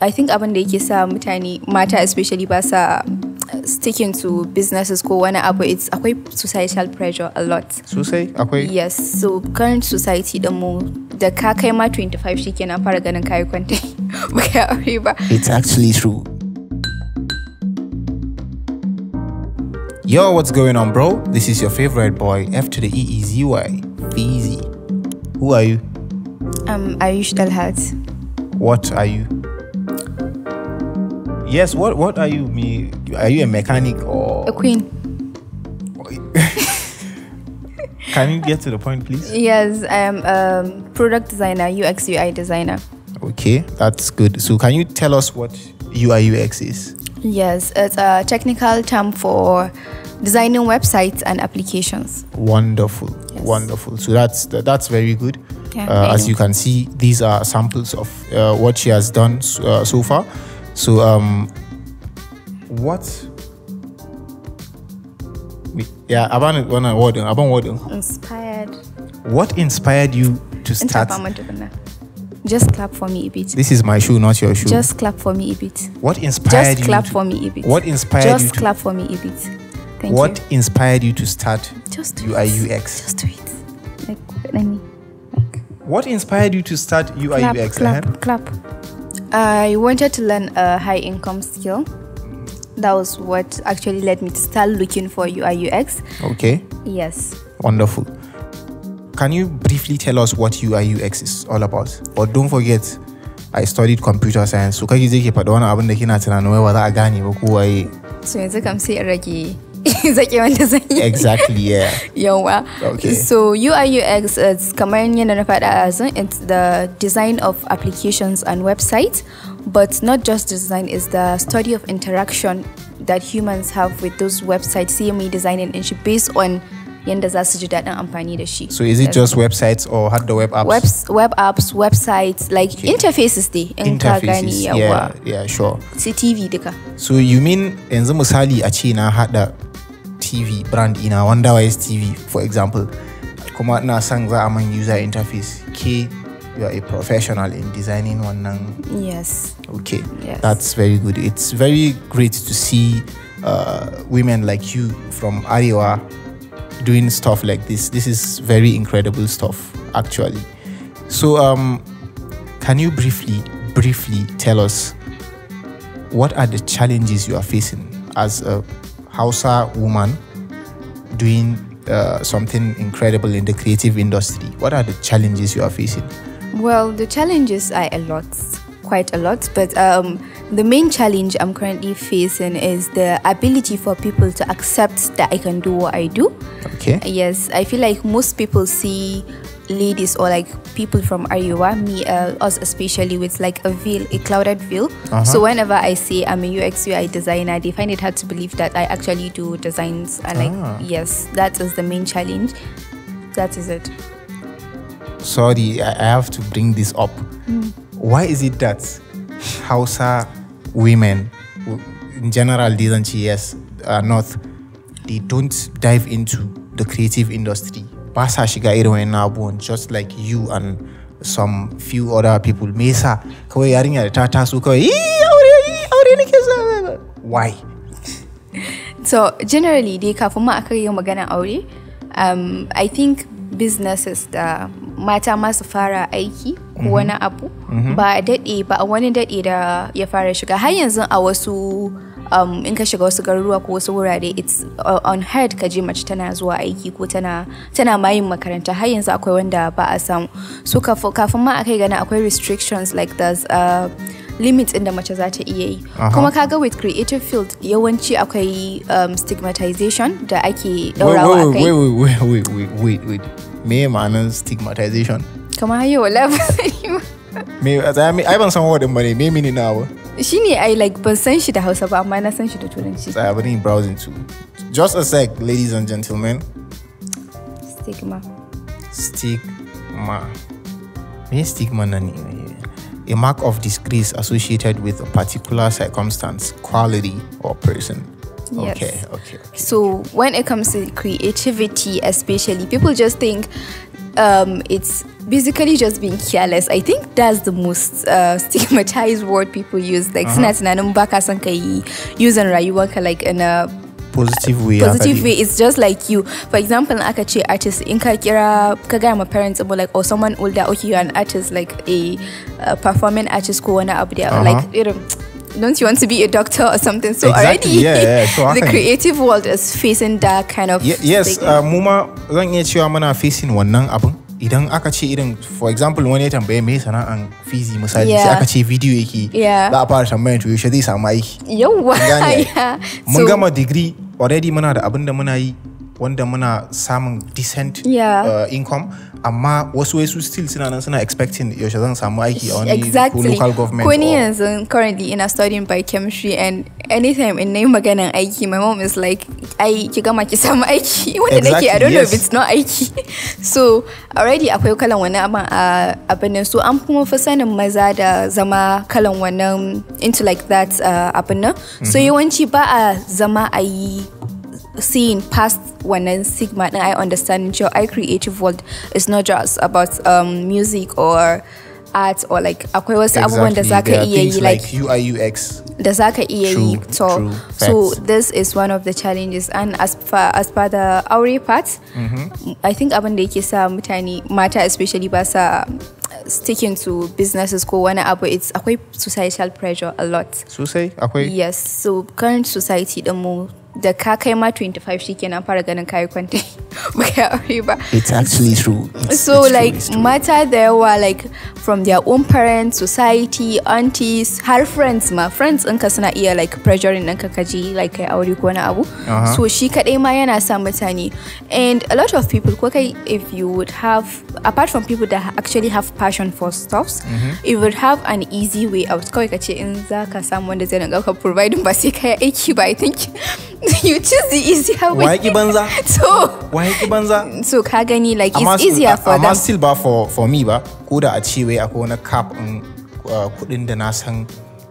i think abin da yake sa mutane mata especially ba sa sticking to businesses ko wani abu it's akwai societal pressure a lot sosai akwai yes so current society the mu da ka kai ma 25 shikenan fara ganin kai kwante ba aure ba it's actually true Yo, what's going on, bro? This is your favorite boy, F to the E E Z Y, Feezy. Who are you? I'm um, Ayush Dalhat. What are you? Yes. What What are you? Me? Are you a mechanic or a queen? Can you get to the point, please? Yes, I'm a product designer, UX UI designer. Okay, that's good. So, can you tell us what UI UX is? Yes, it's a technical term for designing websites and applications. Wonderful, yes. wonderful. So that's that's very good. Yeah, uh, as you can see, these are samples of uh, what she has done uh, so far. So, um, what? Yeah, about one word, about word. Inspired. What inspired you to start? Just clap for me a bit. This is my shoe, not your shoe. Just clap for me a bit. What inspired Just you? Just clap to, for me a bit. What inspired Just you? Just clap for me a bit. Thank what you. inspired you to start Just do UI UX? Just do it. Like, let me. Like. What inspired you to start UI clap, UX? Eh? Clap, clap. I wanted to learn a high income skill. That was what actually led me to start looking for UI UX. Okay. Yes. Wonderful. Can you briefly tell us what UI UX is all about? But don't forget, I studied computer science. So, kake je ke faɗa kina tunanin wai ba za So, yanzu kam sai in is that Exactly, yeah. well. Okay. So UI UX is commonly yadda as it's the design of applications and websites, but not just design, it's the study of interaction that humans have with those websites, CME design and shi based on yanda za su ji So is it just websites or had the web apps? web apps, websites, like okay. interfaces The interfaces. Yeah, yeah, sure. CTV So you mean yanzu misali a ce na haɗa TV brand in ina WonderWise TV for example come out son za a user interface Key, you are a professional in designing wannan yes okay yes. that's very good it's very great to see uh, women like you from Ariwa doing stuff like this this is very incredible stuff actually so um can you briefly briefly tell us what are the challenges you are facing as a Hausa woman doing uh, something incredible in the creative industry, what are the challenges you are facing? Well, the challenges are a lot, quite a lot, but um, the main challenge I'm currently facing is the ability for people to accept that I can do what I do. Okay. Yes, I feel like most people see ladies or like people from Ariwa, me, uh, us especially, with like a veil, a clouded veil. Uh-huh. So whenever I say I'm a UX UI designer, they find it hard to believe that I actually do designs. And uh, like, ah. yes, that is the main challenge. That is it. Sorry, I have to bring this up. Mm. Why is it that Hausa women, in general, didn't yes, uh, not? they don't dive into the creative industry? ba sa shiga irin wayannan abubuwan just like you and some few other people me yasa kawai yarinya da ta taso kawai yi aure yi aure nake so why so generally dai kafin ma aka yi magana aure um, i think businesses da mata masu fara aiki ko mm-hmm. wani abu mm-hmm. ba daɗe ba wani daɗe da ya fara shiga har yanzu a wasu um, in ka shiga wasu garuruwa ko wasu wurare it's uh, head ka je mace tana zuwa aiki ko tana tana mayin makaranta har yanzu akwai wanda ba a samu so kafin ma akai gana akwai restrictions like there's uh, limit inda mace za ta iya yi kuma kaga with creative field yawanci akwai um, stigmatization da ake daurawa akai wait wait wait wait wait wait me ma'anar stigmatization kamar hayo wala ba mean i ban san wadin bane me mini na ba Shi ne like but san shi da Hausa ba amma na san shi da Turanci. Tsaya bari browsing too. Just a sec, ladies and gentlemen. Stigma. Stigma. Me stigma eh, eh. A mark of disgrace associated with a particular circumstance, quality, or person. Yes. Okay, okay, okay. So when it comes to creativity, especially, people just think um, it's basically just being careless. I think that's the most uh, stigmatized word people use. Like, uh-huh. using rayuwaka like in a positive way positive way it's just like you for example akachi ce artist in kira kaga my parents about like or oh, someone older okay you're an artist like a, a performing artist ko wana abu da uh-huh. like know, don't you want to be a doctor or something? So exactly. already, yeah, yeah. So the creative world is facing that kind of. Yeah, yes, uh, Muma, zan iya cewa muna facing wannan abin. idan aka ce irin for example wani ya tambaye me sana'an fizi misali sai aka ce video yake za a fara tambayan to yaushe zai samu aiki yawwa mun gama degree already muna da abin da muna yi wanda muna samun decent uh, income amma wasu wasu still suna nan suna expecting yaushe zan samu aiki a wani local government ko yanzu currently ina studying biochemistry and anytime in yi maganan aiki my mom is like ai ki gama ki samu aiki wanda nake I don't yes. know if it's not aiki so already akwai kalan wannan abin a abin uh, so an kuma fi sanin maza da zama kalan wannan um, into like that uh, abin nan so mhm. yawanci ba uh, a zama a yi seeing past wannan sigma din I understand your I creative world is not just about um, music or art or like akwai wasu abubuwan da zaka iya yi like UI UX da za ka iya yi so, so this is one of the challenges and as far as far the aure part mm -hmm. i think abin da yake sa mutane mata especially ba sa sticking to businesses ko wani abu it's akwai societal pressure a lot sosai akwai yes so current society din mu da ka kai ma 25 shikenan fara ganin kayi kwanti ba kai aure ba it's actually true it's, so it's like true, true. mata da yawa like from their own parents society aunties har friends ma friends in ka suna iya like pressuring in ka ji like kai aure ko wani abu uh -huh. so shi kadai ma yana sa mutane and a lot of people ko kai if you would have apart from people that actually have passion for stuffs mm -hmm. you would have an easy way out kawai ka ce in za ka samu wanda zai dinga ka providing ba sai kai aiki ba i think you choose the easier way. Waye So. why? ki So ka like it's easier for them. Amma still ba for for me ba kuda da a ce cap in uh, kuɗin da na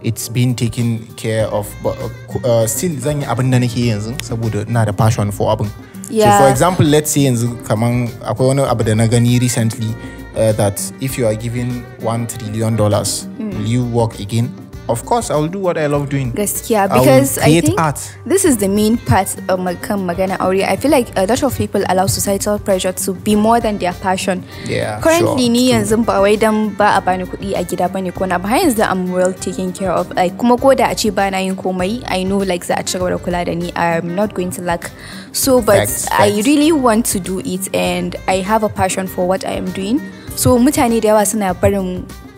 it's been taken care of but uh, uh still zany yi abin da nake yanzu saboda ina da passion for abin. Yeah. So for example let's say yanzu kaman akwai wani abu gani recently uh, that if you are given one trillion dollars mm. will you work again? of course i'll do what i love doing Yeah, because I, I, think art. this is the main part of my magana aure i feel like a lot of people allow societal pressure to be more than their passion yeah currently sure, ni yanzu ba wai dan ba a bani kuɗi a gida bane ko na ba yanzu i'm well taken care of like kuma ko da a ce ba na yin komai i know like za a ci da kula da ni i'm not going to lack so but facts, i facts. really want to do it and i have a passion for what i am doing so mutane da yawa suna barin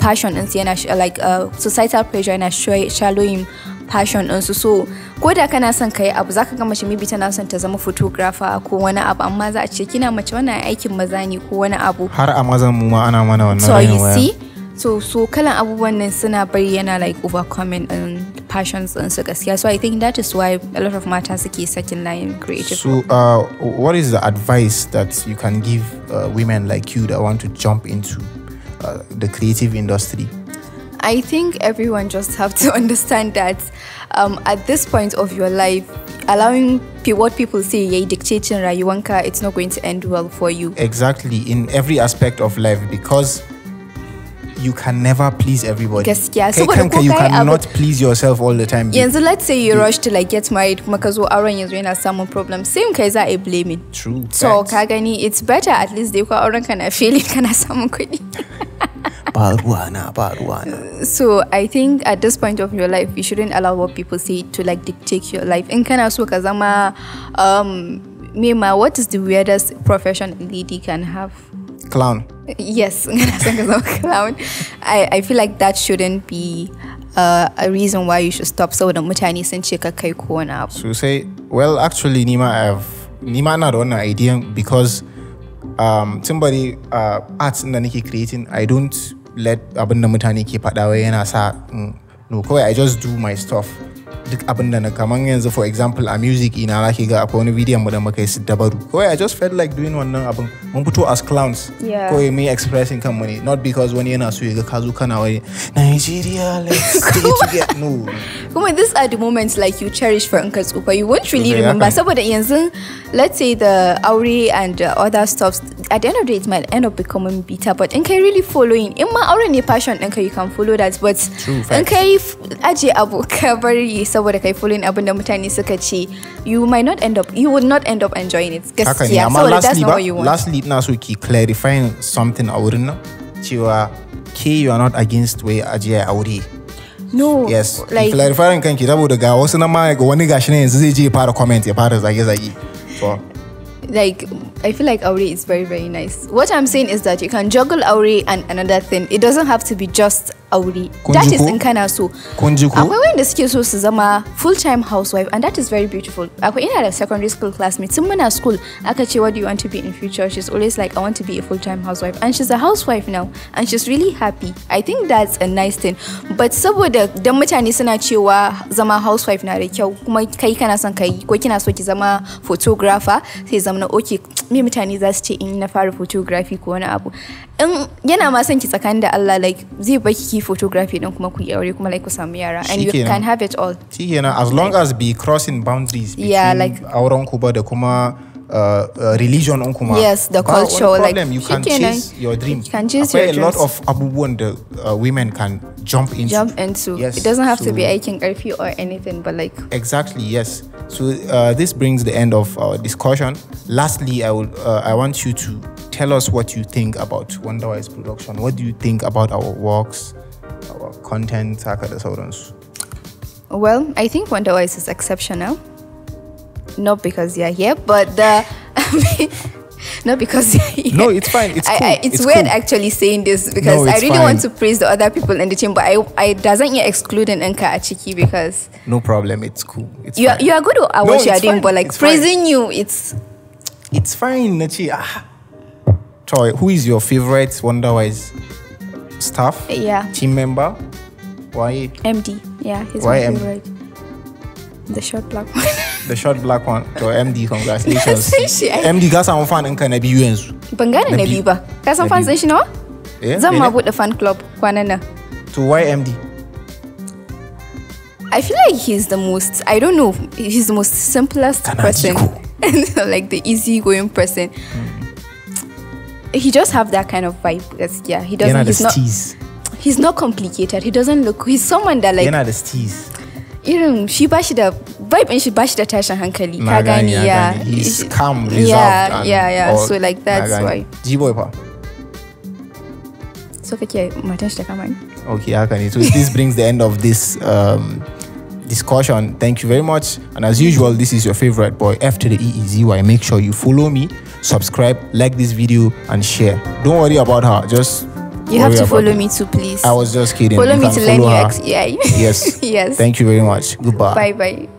passion su yana like uh, societal pressure yana shallowing passion su so ko da kana son kayi abu zaka ga mace maybe tana son ta zama photographer ko wani abu amma za a ce kina mace wannan aikin maza ne ko wani abu har a mazan mu ma ana mana wannan so you see so so kalan abubuwan nan suna bari yana like overcoming um, passions su gaskiya so i think that is why a lot of mata suke sakin layin creative so uh, what is the advice that you can give uh, women like you that want to jump into uh, the creative industry? I think everyone just have to understand that um, at this point of your life, allowing what people say, yeah, dictating rayuwanka, it's not going to end well for you. Exactly, in every aspect of life, because you can never please everybody. Yeah, so can, can, you cannot please yourself all the time. Yeah, so let's say you rush to like get married because you Aaron is doing has some problem. Same case I blame it. True. So kagani, it's better at least they kwa Aaron can feel kana can kudi. Balwana, So I think at this point of your life, you shouldn't allow what people say to like dictate your life. And kana so kazama, um, Mima, what is the weirdest profession a lady can have? clown yes clown I, I feel like that shouldn't be uh, a reason why you should stop So the sun ce ka kai ko so abu well actually nima i have nima na da wannan idea because um, tun bari uh, arts da creating i don't let abin da mutane ke faɗa wai sa no i just do my stuff duk abin da na yanzu for example a music ina zaki ga akwai wani bidiyon mu da muka yi su dabaru kawai i just felt like doing wannan abin mun fito as clowns kawai me expressing kan not because wani yana so ya ga ka zo kana Nigeria let's stay together no kuma these are the moments like you cherish for inka tsufa you won't really remember saboda yanzu let's say the aure and uh, other stuff at the end of the day it might end up becoming bitter but in kai really following in ma auren ne passion ɗinka you can follow that but True, in kai aje abu ka bari saboda kai following abin da mutane suka ce you might not end up you would not end up enjoying it gaskiya saboda that's not what you want lastly ina so ki clarifying something a wurin nan cewa ke you are not against way aje aure No. Yes. Like, clarifying kanki saboda ga wasu na ma ga wani gashi ne yanzu zai je ya fara comment ya fara zage-zage. So, like i feel like auri is very very nice what i'm saying is that you can juggle auri and another thing it doesn't have to be just aure that is in kana so akwai wanda suke so su zama full time housewife and that is very beautiful akwai ina da secondary school classmate tun muna school aka ce what do you want to be in future she's always like i want to be a full time housewife and she's a housewife now and she's really happy i think that's a nice thing but saboda dan mutane suna cewa zama housewife na da kyau kuma kai kana son kai ko kina so ki zama photographer sai zama na okay me mutane za su ce in na fara photography ko wani abu in yana ma son ki tsakanin da Allah like zai baki ki photography din kuma ku yi aure kuma like ku samu yara and you can have it all shikenan as long as be crossing boundaries between yeah, like, auren ku ba da kuma Uh, uh, religion on kuma yes the culture problem, like you can chase your dream you can chase your a lot of abubuwan da uh, women can jump into jump into yes. it doesn't have so, to be aikin karfi or anything but like exactly yes so uh, this brings the end of our discussion lastly i will uh, i want you to tell us what you think about Wonderwise production. What do you think about our works, our content, haka da Well, I think Wonderwise is exceptional. Not because you're here, but the, not because yeah. no it's fine it's, cool. I, I, it's, it's, weird cool. actually saying this because no, i really fine. want to praise the other people in the team but i i doesn't yet exclude an Enka achiki because no problem it's cool it's you, are, you are good at no, what you are doing but like it's praising fine. you it's it's fine Nachi. Ah, Toy, who is your favorite Wonderwise staff? Yeah. Team member? Why? MD. Yeah, he's Why my favorite. the short black one. the short black one. To MD, congratulations. MD, ka samu fan ɗinka na biyu yanzu. Ban gane na biyu ba. Ka san fan ɗin shi nawa? Eh, eh, the eh. fan club kwanan nan. To why MD? I feel like he's the most, I don't know, he's the most simplest person. like the easygoing person. Mm he just have that kind of vibe. That's, yeah, he doesn't. he's not. Tease. He's not complicated. He doesn't look. He's someone that like. Yana da steez. irin shi ba shi vibe in shi hankali ka gani he's calm reserved yeah and yeah yeah so like that's why G-boy pa so kake matan shi the kama Okay, okay haka so this brings the end of this um, discussion thank you very much and as usual this is your favorite boy F to the E E Z Y make sure you follow me subscribe, like this video, and share. Don't worry about her. Just you have to follow it. me too, please. I was just kidding. Follow you me to follow learn her. ex- Yeah. yes. yes. Thank you very much. Goodbye. Bye bye.